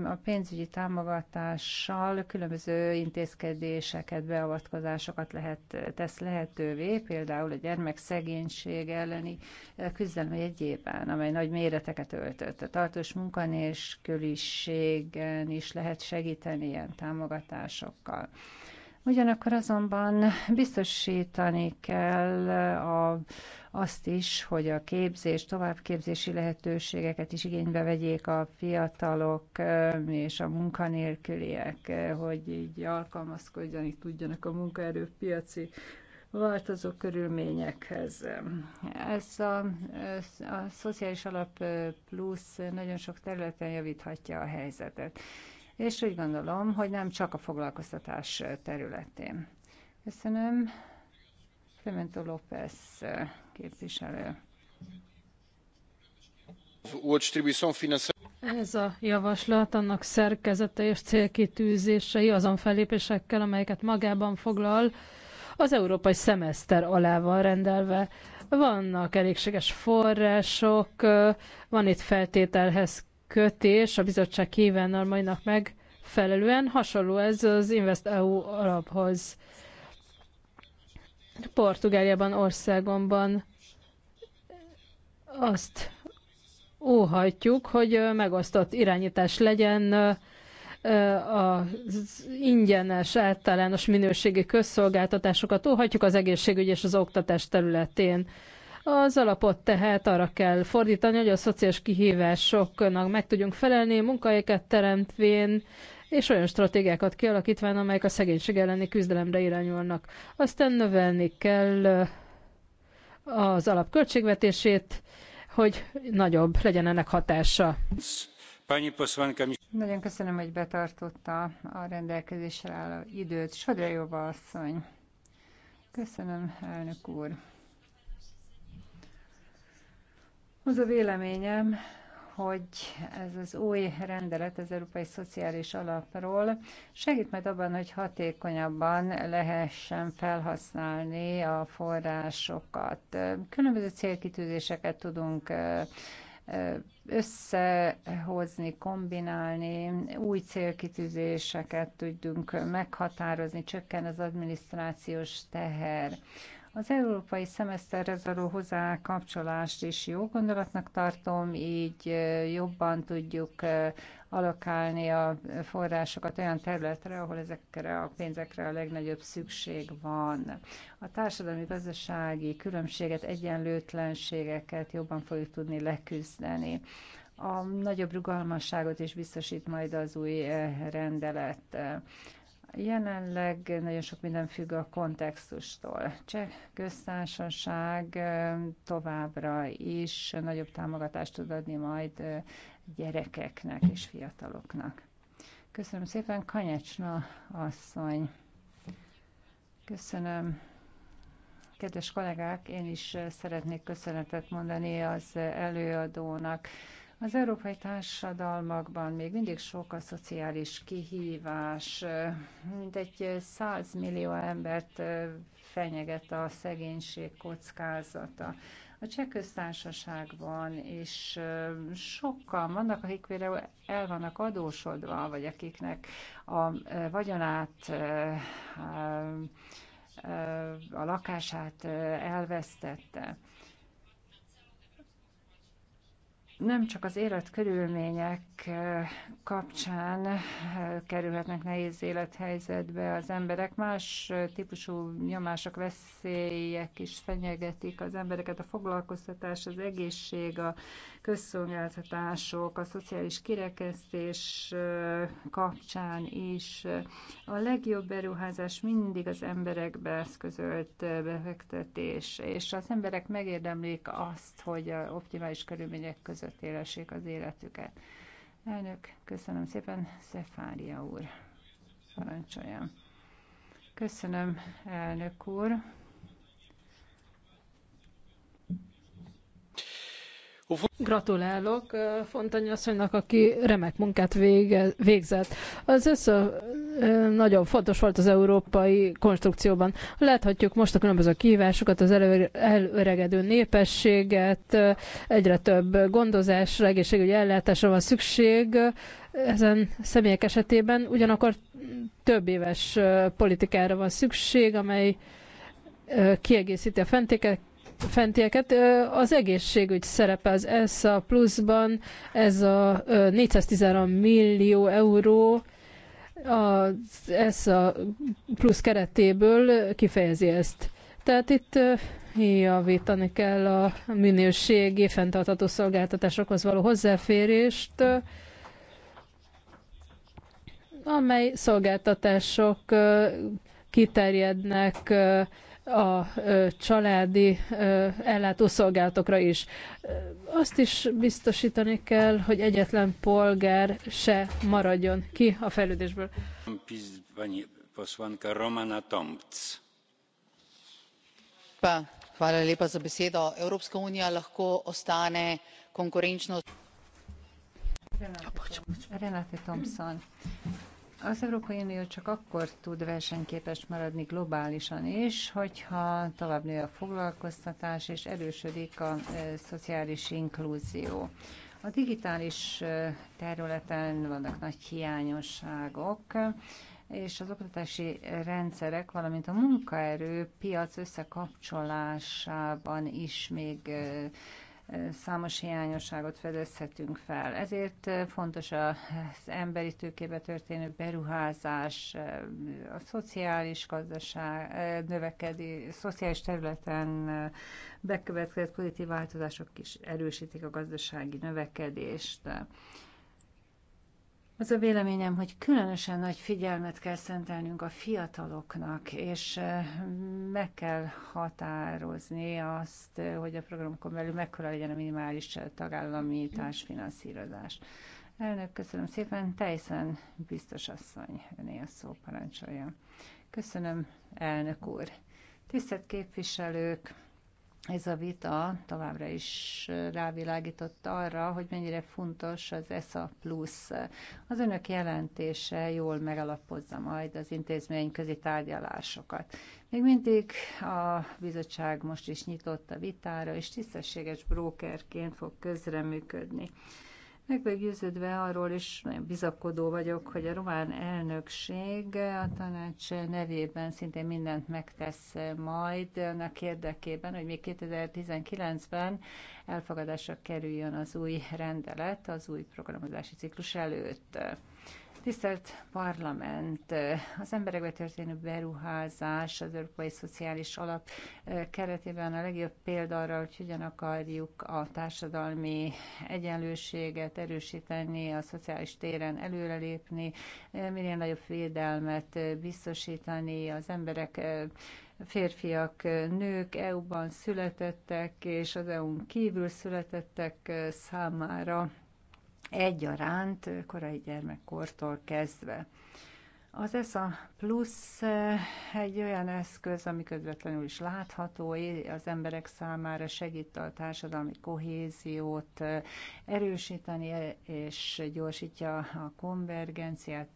a pénzügyi támogatással különböző intézkedéseket, beavatkozásokat lehet, tesz lehetővé, például a szegénység elleni küzdelem egyében, amely nagy méreteket öltött. A tartós munkanélküliségen is lehet segíteni ilyen támogatásokkal. Ugyanakkor azonban biztosítani kell a azt is, hogy a képzés, továbbképzési lehetőségeket is igénybe vegyék a fiatalok és a munkanélküliek, hogy így alkalmazkodjani tudjanak a munkaerőpiaci változó körülményekhez. Ez a, a szociális alap plusz nagyon sok területen javíthatja a helyzetet. És úgy gondolom, hogy nem csak a foglalkoztatás területén. Köszönöm. Clemente López ez a javaslat annak szerkezete és célkitűzései azon fellépésekkel, amelyeket magában foglal, az európai szemeszter alá van rendelve. Vannak elégséges források, van itt feltételhez kötés, a bizottság kívánalmainak megfelelően. Hasonló ez az InvestEU alaphoz. Portugáliában, országomban azt óhajtjuk, hogy megosztott irányítás legyen, az ingyenes általános minőségi közszolgáltatásokat óhatjuk az egészségügy és az oktatás területén. Az alapot tehát arra kell fordítani, hogy a szociális kihívásoknak meg tudjunk felelni, munkahelyeket teremtvén, és olyan stratégiákat kialakítván, amelyek a szegénység elleni küzdelemre irányulnak. Aztán növelni kell az alapköltségvetését, hogy nagyobb legyen ennek hatása. Nagyon köszönöm, hogy betartotta a rendelkezésre álló időt. jó asszony. Köszönöm, elnök úr. Az a véleményem, hogy ez az új rendelet az Európai Szociális Alapról segít majd abban, hogy hatékonyabban lehessen felhasználni a forrásokat. Különböző célkitűzéseket tudunk összehozni, kombinálni, új célkitűzéseket tudunk meghatározni, csökken az adminisztrációs teher. Az európai szemeszterhez való hozzákapcsolást is jó gondolatnak tartom, így jobban tudjuk alakálni a forrásokat olyan területre, ahol ezekre a pénzekre a legnagyobb szükség van. A társadalmi-gazdasági különbséget, egyenlőtlenségeket jobban fogjuk tudni leküzdeni. A nagyobb rugalmasságot is biztosít majd az új eh, rendelet. Jelenleg nagyon sok minden függ a kontextustól. Cseh köztársaság továbbra is nagyobb támogatást tud adni majd gyerekeknek és fiataloknak. Köszönöm szépen, Kanyecsna asszony. Köszönöm. Kedves kollégák, én is szeretnék köszönetet mondani az előadónak. Az európai társadalmakban még mindig sok a szociális kihívás, mint 100 millió embert fenyeget a szegénység kockázata. A cseh köztársaságban is sokan vannak, akik például el vannak adósodva, vagy akiknek a vagyonát a lakását elvesztette nem csak az életkörülmények eh, kapcsán eh, kerülhetnek nehéz élethelyzetbe az emberek, más eh, típusú nyomások, veszélyek is fenyegetik az embereket, a foglalkoztatás, az egészség, a közszolgáltatások, a szociális kirekesztés kapcsán is. A legjobb beruházás mindig az emberekbe eszközölt befektetés, és az emberek megérdemlik azt, hogy optimális körülmények között élessék az életüket. Elnök, köszönöm szépen, Szefária úr. Parancsoljam. Köszönöm, elnök úr. Gratulálok eh, Fontany asszonynak, aki remek munkát vége, végzett. Az össze eh, nagyon fontos volt az európai konstrukcióban. Láthatjuk most a különböző kihívásokat, az előregedő népességet, eh, egyre több gondozásra, egészségügyi ellátásra van szükség ezen személyek esetében, ugyanakkor több éves politikára van szükség, amely kiegészíti a fentieket. Az egészségügy szerepe az ESSA pluszban, ez a 413 millió euró az ESSA plusz keretéből kifejezi ezt. Tehát itt javítani kell a minőségi fenntartható szolgáltatásokhoz való hozzáférést, amely szolgáltatások kiterjednek a családi ellátószolgálatokra is. Azt is biztosítani kell, hogy egyetlen polgár se maradjon ki a fejlődésből. Evropska unija lahko ostane konkurenčno. Renate Thompson. Az Európai Unió csak akkor tud versenyképes maradni globálisan is, hogyha tovább nő a foglalkoztatás és erősödik a e, szociális inklúzió. A digitális e, területen vannak nagy hiányosságok, és az oktatási rendszerek, valamint a munkaerő piac összekapcsolásában is még e, számos hiányosságot fedezhetünk fel. Ezért fontos az emberi tőkébe történő beruházás, a szociális gazdaság növekedés, szociális területen bekövetkezett pozitív változások is erősítik a gazdasági növekedést. Az a véleményem, hogy különösen nagy figyelmet kell szentelnünk a fiataloknak, és meg kell határozni azt, hogy a programokon belül mekkora legyen a minimális tagállami társfinanszírozás. Elnök, köszönöm szépen. Teljesen biztos asszony, öné a szó parancsolja. Köszönöm, elnök úr. Tisztelt képviselők, ez a vita továbbra is rávilágított arra, hogy mennyire fontos az ESA plusz. Az önök jelentése jól megalapozza majd az intézmény közi tárgyalásokat. Még mindig a bizottság most is nyitott a vitára, és tisztességes brókerként fog közreműködni. Meg vagyok győződve arról is, nagyon bizakodó vagyok, hogy a román elnökség a tanács nevében szintén mindent megtesz majd annak érdekében, hogy még 2019-ben elfogadásra kerüljön az új rendelet az új programozási ciklus előtt. Tisztelt Parlament, az emberekbe történő beruházás az Európai Szociális Alap eh, keretében a legjobb példa arra, hogy hogyan akarjuk a társadalmi egyenlőséget erősíteni, a szociális téren előrelépni, eh, minél nagyobb védelmet eh, biztosítani az emberek férfiak, nők, EU-ban születettek és az EU-n kívül születettek számára egyaránt korai gyermekkortól kezdve. Az ESA Plus eh, egy olyan eszköz, ami közvetlenül is látható, eh, az emberek számára segít a társadalmi kohéziót eh, erősíteni, és gyorsítja a konvergenciát.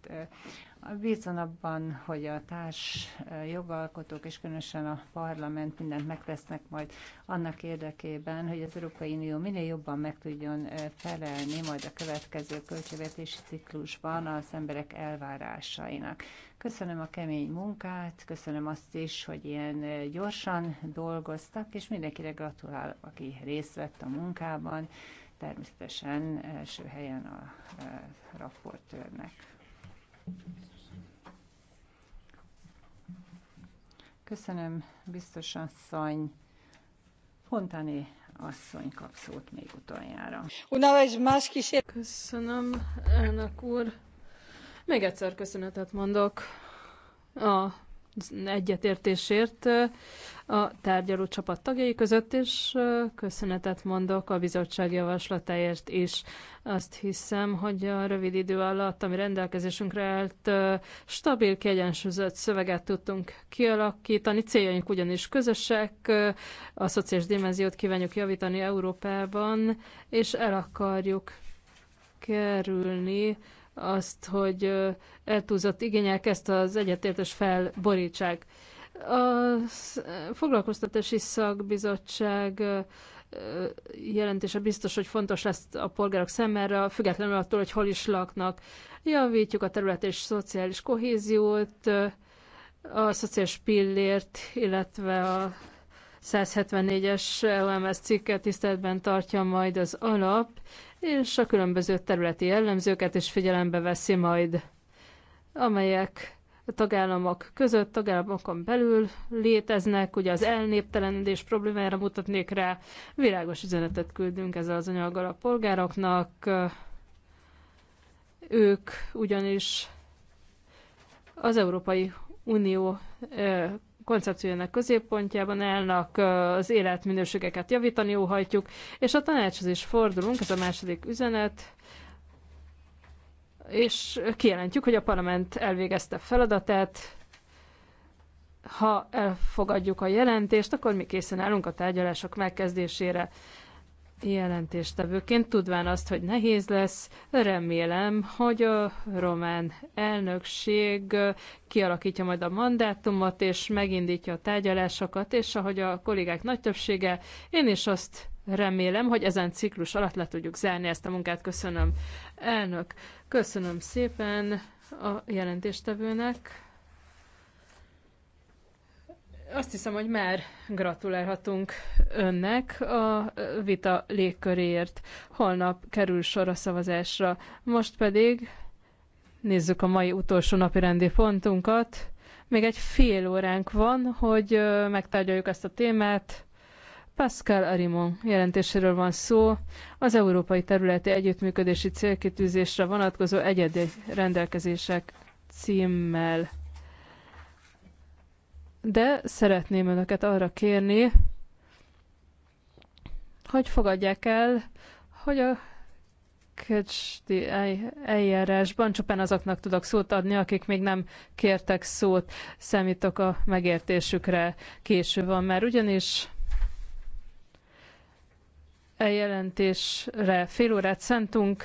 Bízom abban, hogy a társ eh, jogalkotók és különösen a parlament mindent megtesznek majd annak érdekében, hogy az Európai Unió minél jobban meg tudjon eh, felelni majd a következő költségvetési ciklusban az emberek elvárásainak. Köszönöm a kemény munkát, köszönöm azt is, hogy ilyen eh, gyorsan dolgoztak, és mindenkire gratulál, aki részt vett a munkában, természetesen első helyen a raportőrnek. Köszönöm, biztos asszony. Fontani asszony kap szót még utoljára. Una vez más kísér... Köszönöm, elnök úr. Még egyszer köszönetet mondok a egyetértésért a tárgyaló csapat tagjai között, és köszönetet mondok a bizottság javaslatáért is. Azt hiszem, hogy a rövid idő alatt, ami rendelkezésünkre állt, stabil, kiegyensúlyozott szöveget tudtunk kialakítani. Céljaink ugyanis közösek, a szociális dimenziót kívánjuk javítani Európában, és el akarjuk kerülni azt, hogy eltúzott igények ezt az egyetértés felborítsák. A foglalkoztatási szakbizottság jelentése biztos, hogy fontos lesz a polgárok szemére, függetlenül attól, hogy hol is laknak. Javítjuk a terület és szociális kohéziót, a szociális pillért, illetve a 174-es LMS cikket tiszteletben tartja majd az alap, és a különböző területi jellemzőket is figyelembe veszi majd, amelyek a tagállamok között, tagállamokon belül léteznek, ugye az elnéptelenedés problémájára mutatnék rá, világos üzenetet küldünk ezzel az anyaggal a polgároknak, ők ugyanis az Európai Unió eh, koncepciójának középpontjában állnak, az életminőségeket javítani óhajtjuk, és a tanácshoz is fordulunk, ez a második üzenet, és kijelentjük, hogy a parlament elvégezte feladatát, ha elfogadjuk a jelentést, akkor mi készen állunk a tárgyalások megkezdésére jelentéstevőként, tudván azt, hogy nehéz lesz, remélem, hogy a román elnökség kialakítja majd a mandátumot, és megindítja a tárgyalásokat, és ahogy a kollégák nagy többsége, én is azt remélem, hogy ezen ciklus alatt le tudjuk zárni ezt a munkát. Köszönöm, elnök. Köszönöm szépen a jelentéstevőnek. Azt hiszem, hogy már gratulálhatunk önnek a vita légköréért. Holnap kerül sor a szavazásra. Most pedig nézzük a mai utolsó napi rendi pontunkat. Még egy fél óránk van, hogy megtárgyaljuk ezt a témát. Pascal Arimon jelentéséről van szó, az Európai Területi Együttműködési Célkitűzésre vonatkozó egyedi rendelkezések címmel de szeretném önöket arra kérni, hogy fogadják el, hogy a kecsdi eljárásban csupán azoknak tudok szót adni, akik még nem kértek szót, számítok a megértésükre késő van mert ugyanis eljelentésre fél órát szentünk,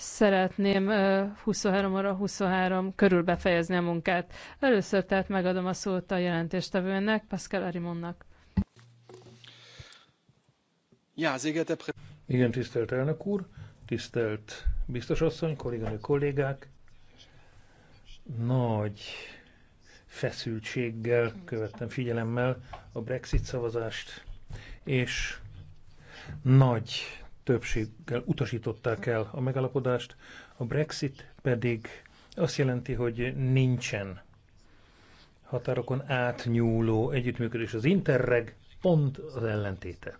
szeretném 23 óra 23 körül befejezni a munkát. Először tehát megadom a szót a jelentéstevőnek, Pascal Arimonnak. Igen, tisztelt elnök úr, tisztelt biztosasszony, kolléganő kollégák. Nagy feszültséggel követtem figyelemmel a Brexit szavazást, és nagy többséggel utasították el a megalapodást, a Brexit pedig azt jelenti, hogy nincsen határokon átnyúló együttműködés. Az Interreg pont az ellentéte.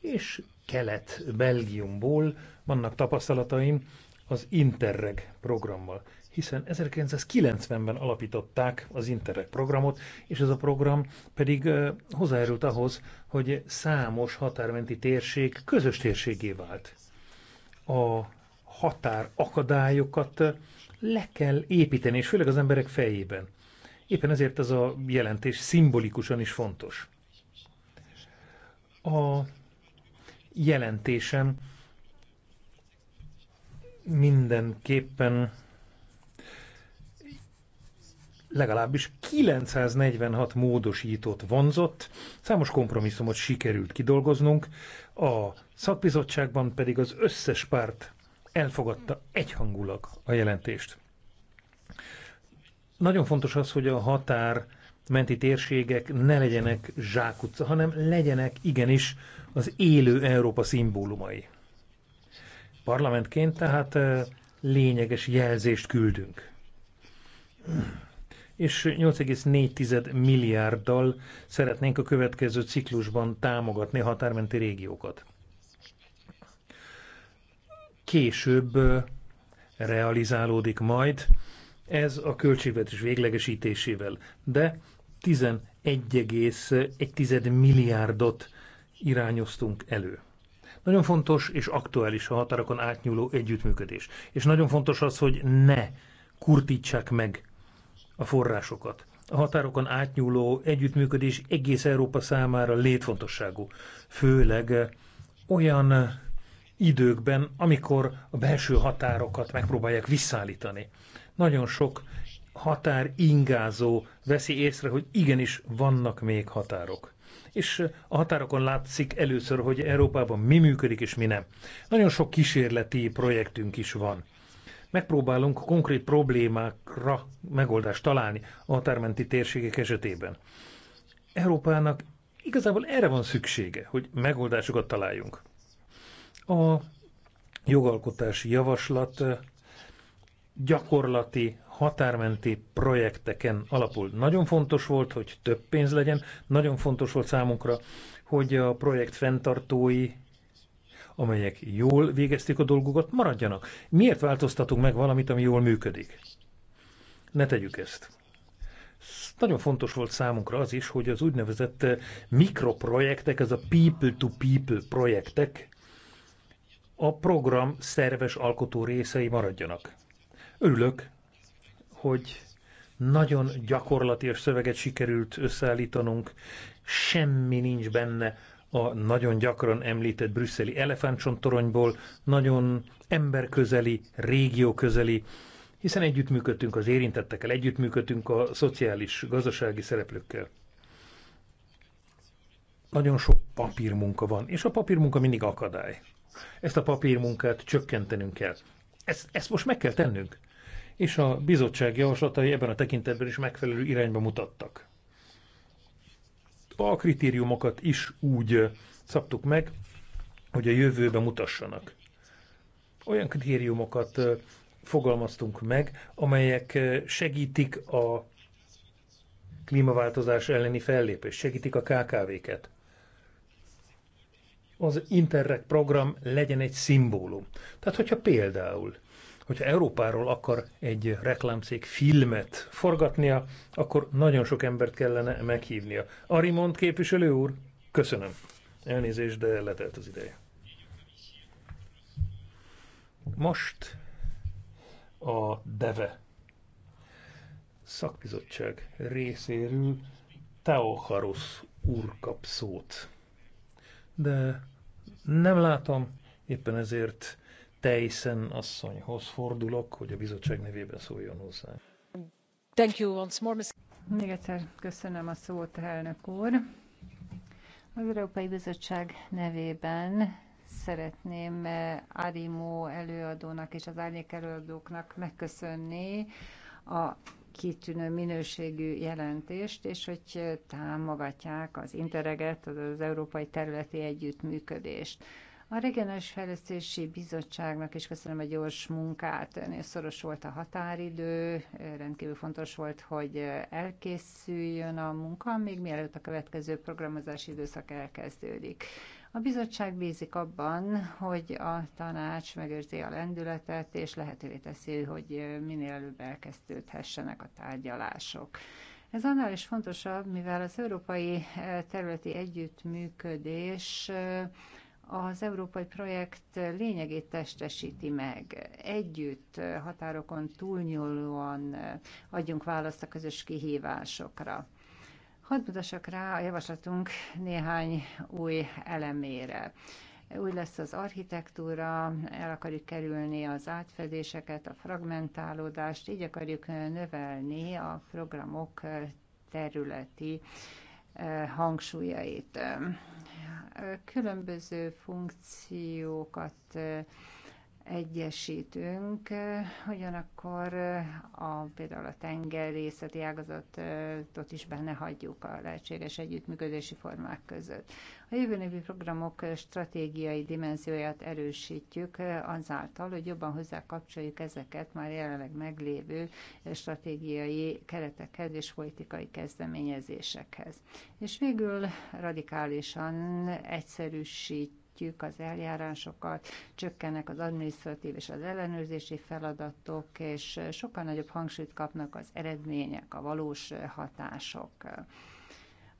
És kelet Belgiumból vannak tapasztalataim az Interreg programmal hiszen 1990-ben alapították az Interreg programot, és ez a program pedig hozzájárult ahhoz, hogy számos határmenti térség közös térségé vált. A határ akadályokat le kell építeni, és főleg az emberek fejében. Éppen ezért ez a jelentés szimbolikusan is fontos. A jelentésem mindenképpen legalábbis 946 módosítót vonzott, számos kompromisszumot sikerült kidolgoznunk, a szakbizottságban pedig az összes párt elfogadta egyhangulag a jelentést. Nagyon fontos az, hogy a határ menti térségek ne legyenek zsákutca, hanem legyenek igenis az élő Európa szimbólumai. Parlamentként tehát eh, lényeges jelzést küldünk és 8,4 milliárddal szeretnénk a következő ciklusban támogatni a határmenti régiókat. Később realizálódik majd ez a költségvetés véglegesítésével, de 11,1 milliárdot irányoztunk elő. Nagyon fontos és aktuális a határokon átnyúló együttműködés. És nagyon fontos az, hogy ne kurtítsák meg a forrásokat. A határokon átnyúló együttműködés egész Európa számára létfontosságú, főleg olyan időkben, amikor a belső határokat megpróbálják visszaállítani. Nagyon sok határ ingázó veszi észre, hogy igenis vannak még határok. És a határokon látszik először, hogy Európában mi működik és mi nem. Nagyon sok kísérleti projektünk is van megpróbálunk konkrét problémákra megoldást találni a határmenti térségek esetében. Európának igazából erre van szüksége, hogy megoldásokat találjunk. A jogalkotási javaslat gyakorlati határmenti projekteken alapul. Nagyon fontos volt, hogy több pénz legyen, nagyon fontos volt számunkra, hogy a projekt fenntartói amelyek jól végezték a dolgukat, maradjanak. Miért változtatunk meg valamit, ami jól működik? Ne tegyük ezt. Nagyon fontos volt számunkra az is, hogy az úgynevezett mikroprojektek, ez a people-to-people projektek a program szerves alkotó részei maradjanak. Örülök, hogy nagyon gyakorlatias szöveget sikerült összeállítanunk, semmi nincs benne, a nagyon gyakran említett brüsszeli elefántcsontoronyból, nagyon emberközeli, régióközeli, hiszen együttműködtünk az érintettekkel, együttműködtünk a szociális, gazdasági szereplőkkel. Nagyon sok papírmunka van, és a papírmunka mindig akadály. Ezt a papírmunkát csökkentenünk kell. Ezt, ezt most meg kell tennünk. És a bizottság javaslatai ebben a tekintetben is megfelelő irányba mutattak a kritériumokat is úgy szabtuk meg, hogy a jövőbe mutassanak. Olyan kritériumokat fogalmaztunk meg, amelyek segítik a klímaváltozás elleni fellépést, segítik a KKV-ket. Az Interreg program legyen egy szimbólum. Tehát, hogyha például hogyha Európáról akar egy reklámszék filmet forgatnia, akkor nagyon sok embert kellene meghívnia. Arimont képviselő úr, köszönöm. Elnézést, de letelt az ideje. Most a DEVE szakbizottság részéről Teoharusz úr kap szót. De nem látom, éppen ezért Teisen asszonyhoz fordulok, hogy a bizottság nevében szóljon hozzá. Thank you once more, Ms. Még egyszer köszönöm a szót, elnök úr. Az Európai Bizottság nevében szeretném eh, Arimó előadónak és az árnyék előadóknak megköszönni a kitűnő minőségű jelentést, és hogy eh, támogatják az interreget, az, az európai területi együttműködést. A Regionális Fejlesztési Bizottságnak is köszönöm a gyors munkát. Ennél szoros volt a határidő, rendkívül fontos volt, hogy elkészüljön a munka, még mielőtt a következő programozási időszak elkezdődik. A bizottság bízik abban, hogy a tanács megőrzi a lendületet, és lehetővé teszi, hogy minél előbb elkezdődhessenek a tárgyalások. Ez annál is fontosabb, mivel az európai területi együttműködés az európai projekt lényegét testesíti meg. Együtt, eh, határokon túlnyúlóan eh, adjunk választ a közös kihívásokra. Hadd mutassak rá a javaslatunk néhány új elemére új lesz az architektúra, el akarjuk kerülni az átfedéseket, a fragmentálódást, így akarjuk eh, növelni a programok területi hangsúlyait különböző funkciókat egyesítünk, ugyanakkor a, például a tengerészeti ágazatot is benne hagyjuk a lehetséges együttműködési formák között. A jövőnévi programok stratégiai dimenzióját erősítjük azáltal, hogy jobban hozzá kapcsoljuk ezeket már jelenleg meglévő stratégiai keretekhez és politikai kezdeményezésekhez. És végül radikálisan egyszerűsít egyszerűsítjük az eljárásokat, csökkennek az adminisztratív és az ellenőrzési feladatok, és sokkal nagyobb hangsúlyt kapnak az eredmények, a valós hatások.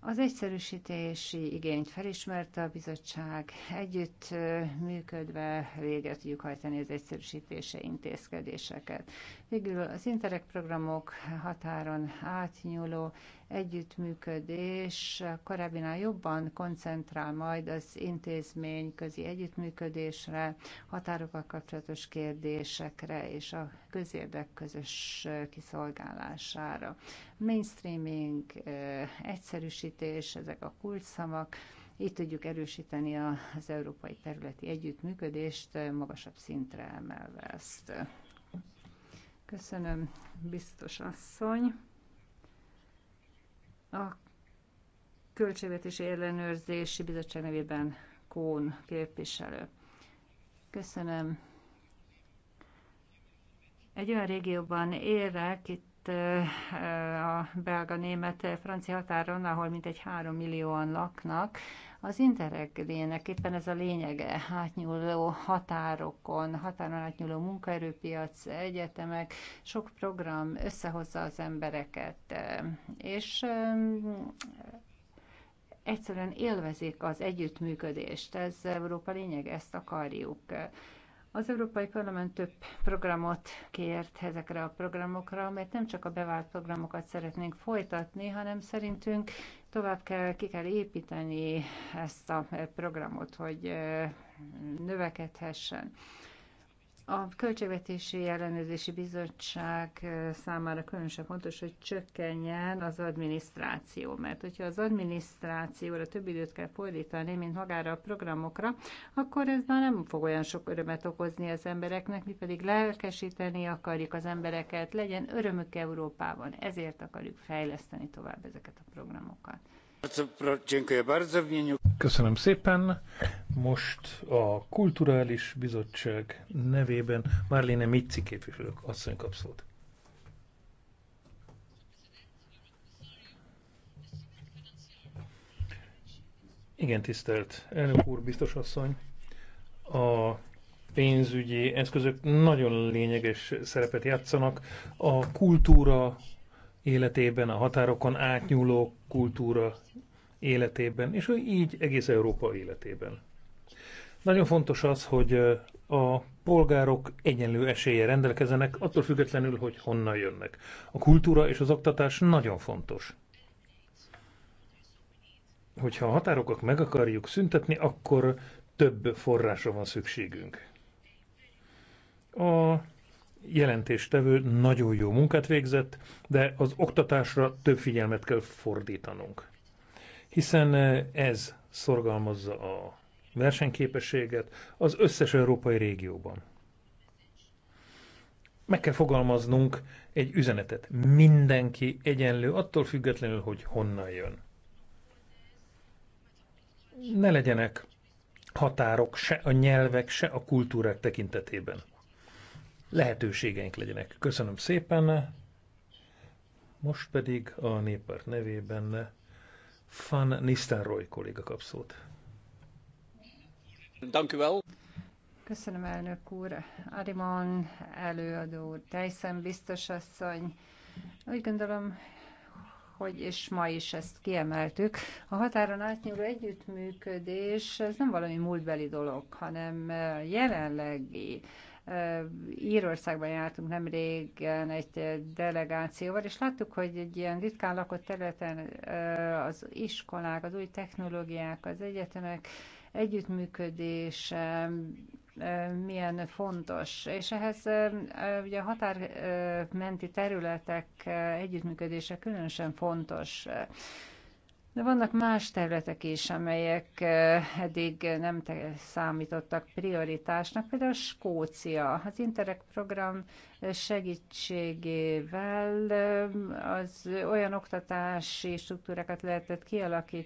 Az egyszerűsítési igényt felismerte a bizottság, együtt működve végre tudjuk hajtani az egyszerűsítése intézkedéseket. Végül az interreg programok határon átnyúló együttműködés korábbinál jobban koncentrál majd az intézmény közi együttműködésre, határokkal kapcsolatos kérdésekre és a közérdek közös kiszolgálására. Mainstreaming, egyszerűsítés, ezek a kulcsszavak, így tudjuk erősíteni az európai területi együttműködést magasabb szintre emelve ezt. Köszönöm, biztos asszony. A Költségvetési Ellenőrzési Bizottság nevében Kón képviselő. Köszönöm. Egy olyan régióban érek, itt a belga, német, francia határon, ahol mintegy három millióan laknak, az interreglének éppen ez a lényege, átnyúló határokon, határon átnyúló munkaerőpiac, egyetemek, sok program összehozza az embereket, és egyszerűen élvezik az együttműködést. Ez Európa lényeg, ezt akarjuk. Az Európai Parlament több programot kért ezekre a programokra, mert nem csak a bevált programokat szeretnénk folytatni, hanem szerintünk Tovább kell, ki kell építeni ezt a programot, hogy növekedhessen. A Költségvetési Ellenőrzési Bizottság számára különösen fontos, hogy csökkenjen az adminisztráció, mert hogyha az adminisztrációra több időt kell fordítani, mint magára a programokra, akkor ez már nem fog olyan sok örömet okozni az embereknek, mi pedig lelkesíteni akarjuk az embereket, legyen örömük Európában, ezért akarjuk fejleszteni tovább ezeket a programokat. Köszönöm szépen. Most a Kulturális Bizottság nevében Marlene Mitzi képviselők asszony kap szót. Igen, tisztelt elnök úr, biztos asszony. A pénzügyi eszközök nagyon lényeges szerepet játszanak a kultúra életében, a határokon átnyúló kultúra életében, és így egész Európa életében. Nagyon fontos az, hogy a polgárok egyenlő esélye rendelkezenek, attól függetlenül, hogy honnan jönnek. A kultúra és az oktatás nagyon fontos. Hogyha a határokat meg akarjuk szüntetni, akkor több forrásra van szükségünk. A jelentéstevő nagyon jó munkát végzett, de az oktatásra több figyelmet kell fordítanunk. Hiszen eh, ez szorgalmazza a versenyképességet az összes európai régióban. Meg kell fogalmaznunk egy üzenetet. Mindenki egyenlő, attól függetlenül, hogy honnan jön. Ne legyenek határok se a nyelvek, se a kultúrák tekintetében lehetőségeink legyenek. Köszönöm szépen. Most pedig a néppárt nevében Van Roy kolléga kap szót. Köszönöm, elnök úr. Arimon előadó teljesen biztos asszony. Úgy gondolom, hogy és ma is ezt kiemeltük. A határon átnyúló együttműködés ez nem valami múltbeli dolog, hanem jelenlegi Írországban jártunk nemrégen egy delegációval, és láttuk, hogy egy ilyen ritkán lakott területen az iskolák, az új technológiák, az egyetemek együttműködés milyen fontos. És ehhez ugye a határmenti területek együttműködése különösen fontos. De vannak más területek is, amelyek eh, eddig nem számítottak prioritásnak, például Skócia. Az Interreg program segítségével eh, az olyan oktatási struktúrákat lehetett kialakítani,